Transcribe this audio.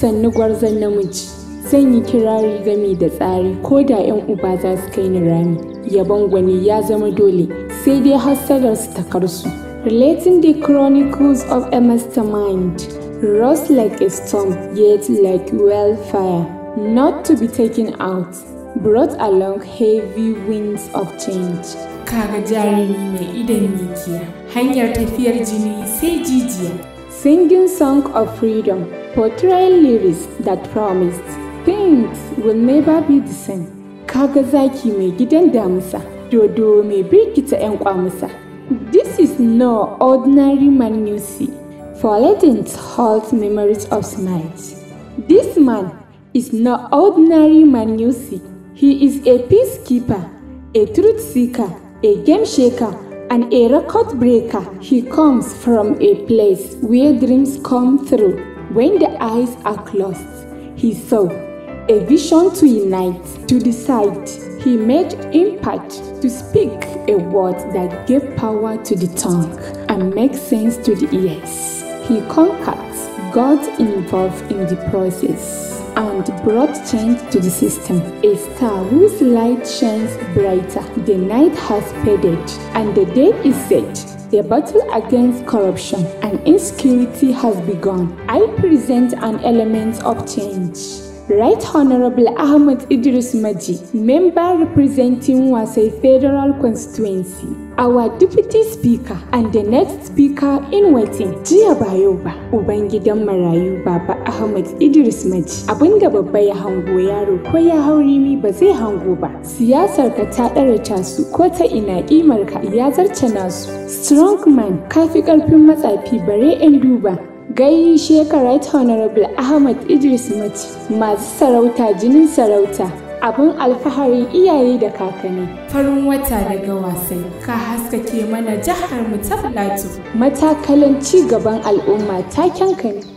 sannu gwarzon namiji zan yi kirari gami da tsari ko da 'yan uba za su kai ni rami yabon gwani ya zama dole sai dai hassadar su takarsu relating the chronicles of a mastermind rose like a storm yet like fire, not to be taken out brought along heavy winds of change kaga jarumi mai idan mikiya hanyar tafiyar jini sai jijiya singing Song of Freedom, portraying lyrics that promised things will never be the same. Kaga zaki mai gidan dodo mai birkita 'yan kwamusa. This is no ordinary see, for legends hold memories of smiles. This man is no ordinary see. He is a peacekeeper, a truth seeker, a game shaker, an a record breaker, he comes from a place where dreams come through when the eyes are closed. He saw a vision to unite, to decide. He made impact to speak a word that gave power to the tongue and make sense to the ears. He conquered. God involved in the process and brought change to the system. A star whose light shines brighter. The night has faded and the day is set. The battle against corruption and insecurity has begun. I present an element of change. Right Honorable Ahmed Idris Maji, member representing Wasai Federal Constituency, our Deputy Speaker and the next Speaker in waiting, Jiya Bayoba, Ubangidan Marayu Baba Ahmed Idris Maji. Abinda babba ya hango yaro ko ya haurimi ba zai hango ba. Siyasar ka ta ɗara su ko ta ina kimar ka ya zarce nasu. Strong man, kafi ƙarfin matsafi bare 'yan duba. gaishe ka right honorable ahmad idris mace masu sarauta jinin sarauta abin alfahari iyaye da kakanni. Farin wata daga wasai ka haskake mana jihar mu ta Plateau. Matakalan ci gaban al'umma taken ka